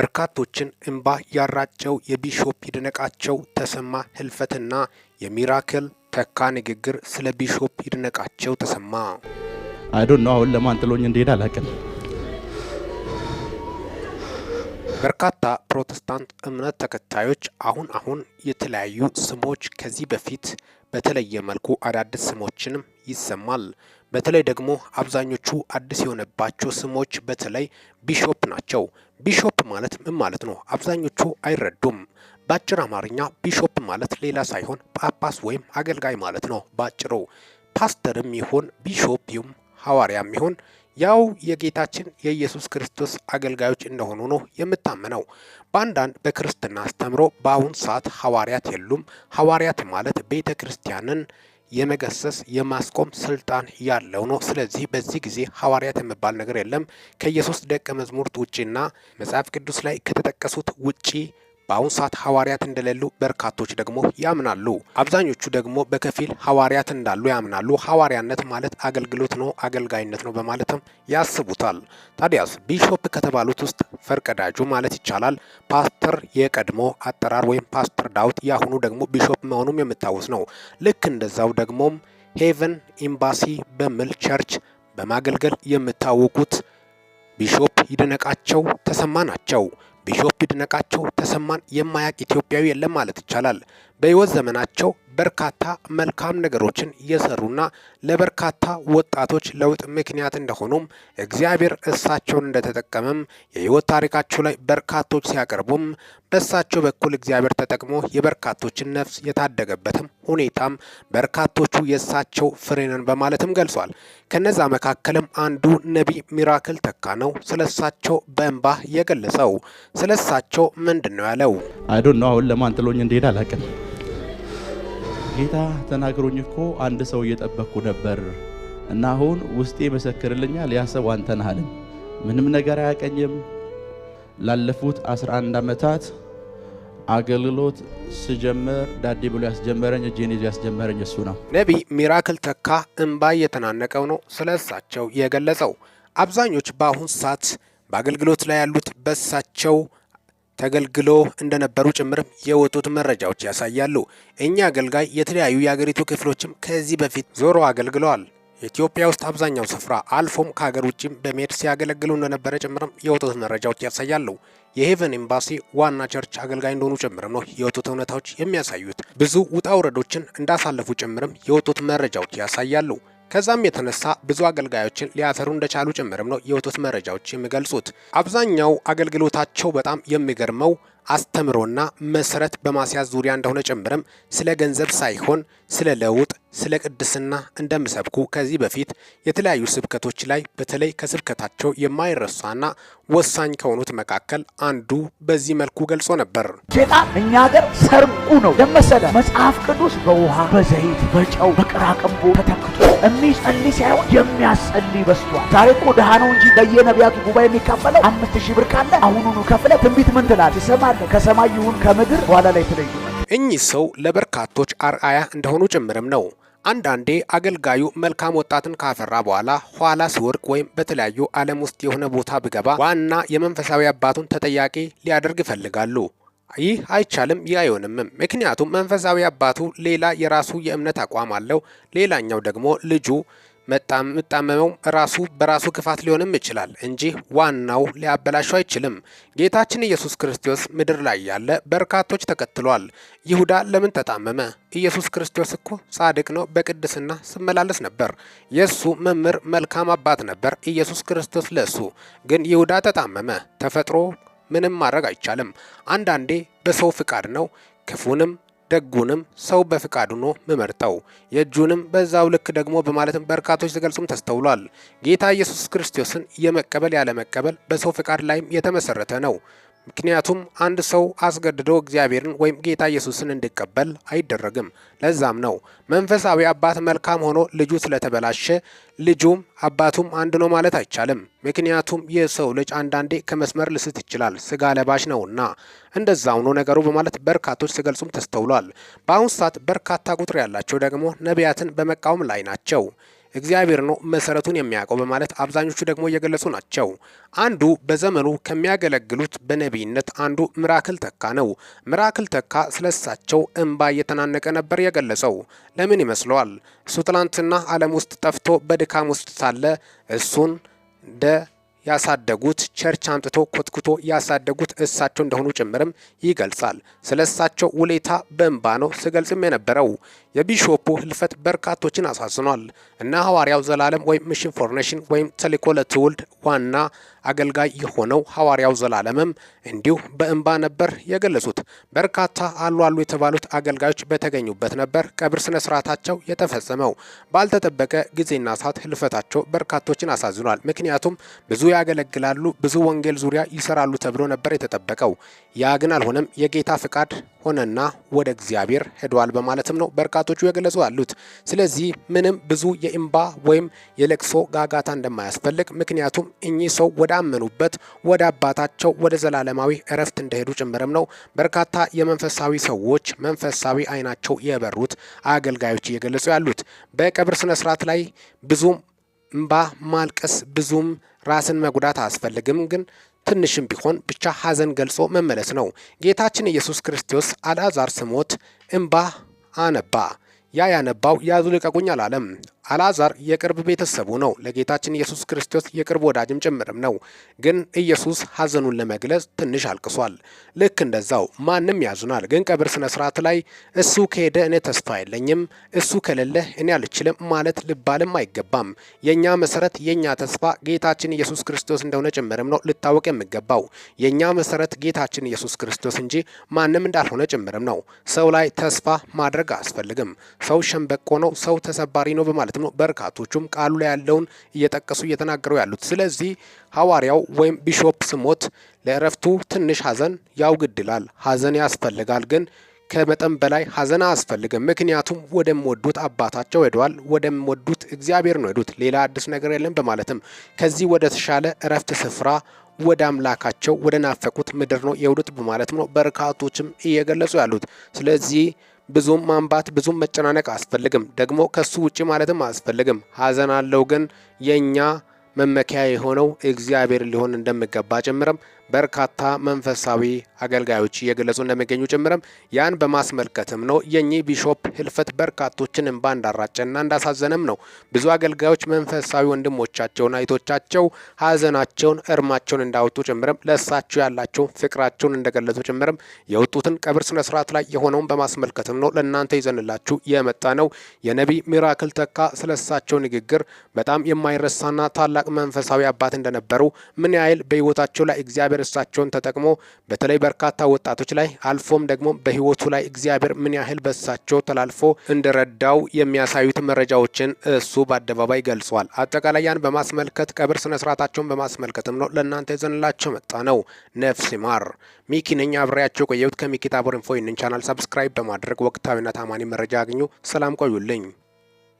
በርካቶችን እምባ ያራጨው የቢሾፕ ይድነቃቸው ተሰማ ህልፈትና የሚራክል ተካ ንግግር ስለ ቢሾፕ ይድነቃቸው ተሰማ አይዶን ነው። አሁን ለማን ጥሎኝ እንደሄደ በርካታ ፕሮቴስታንት እምነት ተከታዮች አሁን አሁን የተለያዩ ስሞች ከዚህ በፊት በተለየ መልኩ አዳዲስ ስሞችንም ይሰማል። በተለይ ደግሞ አብዛኞቹ አዲስ የሆነባቸው ስሞች በተለይ ቢሾፕ ናቸው። ቢሾፕ ማለት ምን ማለት ነው? አብዛኞቹ አይረዱም። በአጭር አማርኛ ቢሾፕ ማለት ሌላ ሳይሆን ጳጳስ ወይም አገልጋይ ማለት ነው። በአጭሩ ፓስተርም ይሆን ቢሾፕ ሐዋርያም ይሆን ያው የጌታችን የኢየሱስ ክርስቶስ አገልጋዮች እንደሆኑ ነው የምታመነው በአንዳንድ በክርስትና አስተምሮ በአሁን ሰዓት ሐዋርያት የሉም። ሐዋርያት ማለት ቤተ ክርስቲያንን የመገሰስ የማስቆም ስልጣን ያለው ነው። ስለዚህ በዚህ ጊዜ ሐዋርያት የሚባል ነገር የለም ከኢየሱስ ደቀ መዝሙርት ውጪና መጽሐፍ ቅዱስ ላይ ከተጠቀሱት ውጪ በአሁን ሰዓት ሐዋርያት እንደሌሉ በርካቶች ደግሞ ያምናሉ። አብዛኞቹ ደግሞ በከፊል ሐዋርያት እንዳሉ ያምናሉ። ሐዋርያነት ማለት አገልግሎት ነው፣ አገልጋይነት ነው በማለትም ያስቡታል። ታዲያስ ቢሾፕ ከተባሉት ውስጥ ፈርቀዳጁ ማለት ይቻላል ፓስተር የቀድሞ አጠራር ወይም ፓስተር ዳውት የአሁኑ ደግሞ ቢሾፕ መሆኑም የምታወስ ነው። ልክ እንደዛው ደግሞም ሄቨን ኤምባሲ በሚል ቸርች በማገልገል የሚታወቁት ቢሾፕ ይድነቃቸው ተሰማ ናቸው። ቢሾፕ ይድነቃቸው ተሰማን የማያውቅ ኢትዮጵያዊ የለም ማለት ይቻላል። በህይወት ዘመናቸው በርካታ መልካም ነገሮችን የሰሩና ለበርካታ ወጣቶች ለውጥ ምክንያት እንደሆኑም እግዚአብሔር እሳቸውን እንደተጠቀመም የህይወት ታሪካቸው ላይ በርካቶች ሲያቀርቡም በእሳቸው በኩል እግዚአብሔር ተጠቅሞ የበርካቶችን ነፍስ የታደገበትም ሁኔታም በርካቶቹ የእሳቸው ፍሬንን በማለትም ገልጿል። ከነዛ መካከልም አንዱ ነቢይ ሚራክል ተካ ነው። ስለ እሳቸው በእንባ የገለጸው ስለ እሳቸው ምንድን ነው ያለው? አይዶ ነው አሁን ለማን ጥሎኝ እንደሄደ አላውቅም ጌታ ተናግሮኝ እኮ አንድ ሰው እየጠበቅኩ ነበር እና አሁን ውስጤ መሰክርልኛል፣ ያ ሰው አንተ ነህ አለኝ። ምንም ነገር አያቀኝም። ላለፉት 11 ዓመታት አገልግሎት ስጀምር ዳዴ ብሎ ያስጀመረኝ እጄን ይዞ ያስጀመረኝ እሱ ነው። ነቢይ ሚራክል ተካ እምባ እየተናነቀው ነው ስለ እሳቸው የገለጸው። አብዛኞች በአሁን ሰዓት በአገልግሎት ላይ ያሉት በሳቸው ተገልግሎ እንደነበሩ ጭምር የወጡት መረጃዎች ያሳያሉ። እኛ አገልጋይ የተለያዩ የአገሪቱ ክፍሎችም ከዚህ በፊት ዞሮ አገልግለዋል። ኢትዮጵያ ውስጥ አብዛኛው ስፍራ አልፎም ከሀገር ውጭም በመሄድ ሲያገለግሉ እንደነበረ ጭምርም የወጡት መረጃዎች ያሳያሉ። የሄቨን ኤምባሲ ዋና ቸርች አገልጋይ እንደሆኑ ጭምርም ነው የወጡት እውነታዎች የሚያሳዩት። ብዙ ውጣ ውረዶችን እንዳሳለፉ ጭምርም የወጡት መረጃዎች ያሳያሉ። ከዛም የተነሳ ብዙ አገልጋዮችን ሊያፈሩ እንደቻሉ ጭምርም ነው የወጡት መረጃዎች የሚገልጹት። አብዛኛው አገልግሎታቸው በጣም የሚገርመው አስተምሮና መሰረት በማስያዝ ዙሪያ እንደሆነ ጭምርም ስለ ገንዘብ ሳይሆን ስለ ለውጥ ስለ ቅድስና እንደምሰብኩ ከዚህ በፊት የተለያዩ ስብከቶች ላይ በተለይ ከስብከታቸው የማይረሳና ወሳኝ ከሆኑት መካከል አንዱ በዚህ መልኩ ገልጾ ነበር። ሴጣን እኛ ሀገር ሰርጉ ነው ደመሰለ መጽሐፍ ቅዱስ በውሃ በዘይት በጨው በቅራቅንቦ ተተክቶ የሚጸልይ ሳይሆን የሚያስጸልይ በስቷል። ዛሬ እኮ ድሃ ነው እንጂ በየነቢያቱ ጉባኤ የሚካፈለው አምስት ሺህ ብር ካለ አሁኑኑ ከፍለ ትንቢት ምን ትላል ትሰማለ ከሰማይ ይሁን ከምድር በኋላ ላይ ትለዩ እኚህ ሰው ለበርካቶች አርአያ እንደሆኑ ጭምርም ነው። አንዳንዴ አገልጋዩ መልካም ወጣትን ካፈራ በኋላ ኋላ ሲወርቅ ወይም በተለያዩ ዓለም ውስጥ የሆነ ቦታ ብገባ ዋና የመንፈሳዊ አባቱን ተጠያቂ ሊያደርግ ይፈልጋሉ። ይህ አይቻልም፣ ይህ አይሆንምም። ምክንያቱም መንፈሳዊ አባቱ ሌላ የራሱ የእምነት አቋም አለው፣ ሌላኛው ደግሞ ልጁ መጣመመው ራሱ በራሱ ክፋት ሊሆንም ይችላል እንጂ ዋናው ሊያበላሹ አይችልም። ጌታችን ኢየሱስ ክርስቶስ ምድር ላይ ያለ በርካቶች ተከትሏል። ይሁዳ ለምን ተጣመመ? ኢየሱስ ክርስቶስ እኮ ጻድቅ ነው፣ በቅድስና ስመላለስ ነበር። የእሱ መምህር መልካም አባት ነበር ኢየሱስ ክርስቶስ ለእሱ። ግን ይሁዳ ተጣመመ። ተፈጥሮ ምንም ማድረግ አይቻልም። አንዳንዴ በሰው ፍቃድ ነው ክፉንም ደጉንም ሰው በፍቃዱ ነው ምመርጠው የእጁንም በዛው ልክ ደግሞ በማለትም በርካቶች ሲገልጹም ተስተውሏል። ጌታ ኢየሱስ ክርስቶስን የመቀበል ያለመቀበል በሰው ፍቃድ ላይም የተመሰረተ ነው። ምክንያቱም አንድ ሰው አስገድዶ እግዚአብሔርን ወይም ጌታ ኢየሱስን እንዲቀበል አይደረግም። ለዛም ነው መንፈሳዊ አባት መልካም ሆኖ ልጁ ስለተበላሸ ልጁም አባቱም አንድ ነው ማለት አይቻልም። ምክንያቱም የሰው ልጅ አንዳንዴ ከመስመር ልስት ይችላል፣ ስጋ ለባሽ ነውና እንደዛ ሆኖ ነገሩ በማለት በርካቶች ሲገልጹም ተስተውሏል። በአሁኑ ሰዓት በርካታ ቁጥር ያላቸው ደግሞ ነቢያትን በመቃወም ላይ ናቸው። እግዚአብሔር ነው መሰረቱን የሚያውቀው በማለት አብዛኞቹ ደግሞ እየገለጹ ናቸው። አንዱ በዘመኑ ከሚያገለግሉት በነቢይነት አንዱ ምራክል ተካ ነው። ምራክል ተካ ስለሳቸው እንባ እየተናነቀ ነበር የገለጸው። ለምን ይመስለዋል? እሱ ትላንትና ዓለም ውስጥ ጠፍቶ በድካም ውስጥ ሳለ እሱን ደ ያሳደጉት ቸርች አምጥቶ ኮትኩቶ ያሳደጉት እሳቸው እንደሆኑ ጭምርም ይገልጻል። ስለ እሳቸው ውለታ በእንባ ነው ስገልጽም የነበረው። የቢሾፑ ህልፈት በርካቶችን አሳዝኗል እና ሐዋርያው ዘላለም ወይም ሚሽን ፎርኔሽን ወይም ተልዕኮ ለትውልድ ዋና አገልጋይ የሆነው ሐዋርያው ዘላለምም እንዲሁ በእንባ ነበር የገለጹት። በርካታ አሉ አሉ የተባሉት አገልጋዮች በተገኙበት ነበር ቀብር ስነ ስርዓታቸው የተፈጸመው። ባልተጠበቀ ጊዜና ሰዓት ህልፈታቸው በርካቶችን አሳዝኗል። ምክንያቱም ብዙ ያገለግላሉ፣ ብዙ ወንጌል ዙሪያ ይሰራሉ ተብሎ ነበር የተጠበቀው። ያ ግን አልሆነም። የጌታ ፍቃድ ሆነና ወደ እግዚአብሔር ሄዷል በማለትም ነው በርካቶቹ የገለጹ ያሉት። ስለዚህ ምንም ብዙ የእምባ ወይም የለቅሶ ጋጋታ እንደማያስፈልግ፣ ምክንያቱም እኚህ ሰው አመኑበት ወደ አባታቸው ወደ ዘላለማዊ እረፍት እንደሄዱ ጭምርም ነው በርካታ የመንፈሳዊ ሰዎች መንፈሳዊ አይናቸው የበሩት አገልጋዮች እየገለጹ ያሉት። በቀብር ስነስርዓት ላይ ብዙም እምባ ማልቀስ ብዙም ራስን መጉዳት አያስፈልግም ግን ትንሽም ቢሆን ብቻ ሐዘን ገልጾ መመለስ ነው። ጌታችን ኢየሱስ ክርስቶስ አልዓዛር ስሞት እምባ አነባ። ያ ያነባው ያዙ ልቀቁኝ አላለም። አልዓዛር የቅርብ ቤተሰቡ ነው። ለጌታችን ኢየሱስ ክርስቶስ የቅርብ ወዳጅም ጭምርም ነው። ግን ኢየሱስ ሐዘኑን ለመግለጽ ትንሽ አልቅሷል። ልክ እንደዛው ማንም ያዝናል። ግን ቀብር ስነ ስርዓት ላይ እሱ ከሄደ እኔ ተስፋ የለኝም፣ እሱ ከሌለ እኔ አልችልም ማለት ልባልም አይገባም። የእኛ መሰረት፣ የእኛ ተስፋ ጌታችን ኢየሱስ ክርስቶስ እንደሆነ ጭምርም ነው ልታወቅ የሚገባው። የእኛ መሰረት ጌታችን ኢየሱስ ክርስቶስ እንጂ ማንም እንዳልሆነ ጭምርም ነው። ሰው ላይ ተስፋ ማድረግ አያስፈልግም። ሰው ሸንበቆ ነው፣ ሰው ተሰባሪ ነው በማለት ማለትም ነው። በርካቶቹም ቃሉ ላይ ያለውን እየጠቀሱ እየተናገሩ ያሉት። ስለዚህ ሐዋርያው ወይም ቢሾፕ ስሞት ለእረፍቱ ትንሽ ሐዘን ያውግድላል፣ ሐዘን ያስፈልጋል ግን ከመጠን በላይ ሐዘን አያስፈልግም። ምክንያቱም ወደምወዱት አባታቸው ሄደዋል፣ ወደምወዱት እግዚአብሔር ነው ሄዱት፣ ሌላ አዲስ ነገር የለም በማለትም ከዚህ ወደ ተሻለ እረፍት ስፍራ ወደ አምላካቸው ወደ ናፈቁት ምድር ነው የሄዱት በማለትም ነው በርካቶችም እየገለጹ ያሉት። ስለዚህ ብዙም ማንባት ብዙም መጨናነቅ አስፈልግም። ደግሞ ከሱ ውጭ ማለትም አስፈልግም። ሀዘን አለው ግን የእኛ መመኪያ የሆነው እግዚአብሔር ሊሆን እንደሚገባ ጭምርም በርካታ መንፈሳዊ አገልጋዮች እየገለጹ እንደሚገኙ ጭምርም ያን በማስመልከትም ነው የኚህ ቢሾፕ ህልፈት በርካቶችን እንባ እንዳራጨና እንዳሳዘነም ነው። ብዙ አገልጋዮች መንፈሳዊ ወንድሞቻቸውና እህቶቻቸው ሀዘናቸውን እርማቸውን እንዳወጡ ጭምርም ለእሳቸው ያላቸውን ፍቅራቸውን እንደገለጹ ጭምርም የወጡትን ቀብር ስነ ስርዓት ላይ የሆነውን በማስመልከትም ነው ለእናንተ ይዘንላችሁ የመጣ ነው። የነቢ ሚራክል ተካ ስለእሳቸው ንግግር በጣም የማይረሳና ታላቅ መንፈሳዊ አባት እንደነበሩ ምን ያህል በህይወታቸው ላይ እግዚአብሔር እግዚአብሔር እሳቸውን ተጠቅሞ በተለይ በርካታ ወጣቶች ላይ አልፎም ደግሞ በህይወቱ ላይ እግዚአብሔር ምን ያህል በእሳቸው ተላልፎ እንደረዳው የሚያሳዩት መረጃዎችን እሱ በአደባባይ ገልጿል። አጠቃላይ ያን በማስመልከት ቀብር ስነስርዓታቸውን በማስመልከትም ነው ለእናንተ የዘንላቸው መጣ ነው። ነፍስ ይማር። ሚኪ ነኝ አብሬያቸው ቆየሁት። ከሚኪ ታቦር ኢንፎ ይህንን ቻናል ሰብስክራይብ በማድረግ ወቅታዊና ታማኒ መረጃ አግኙ። ሰላም ቆዩልኝ።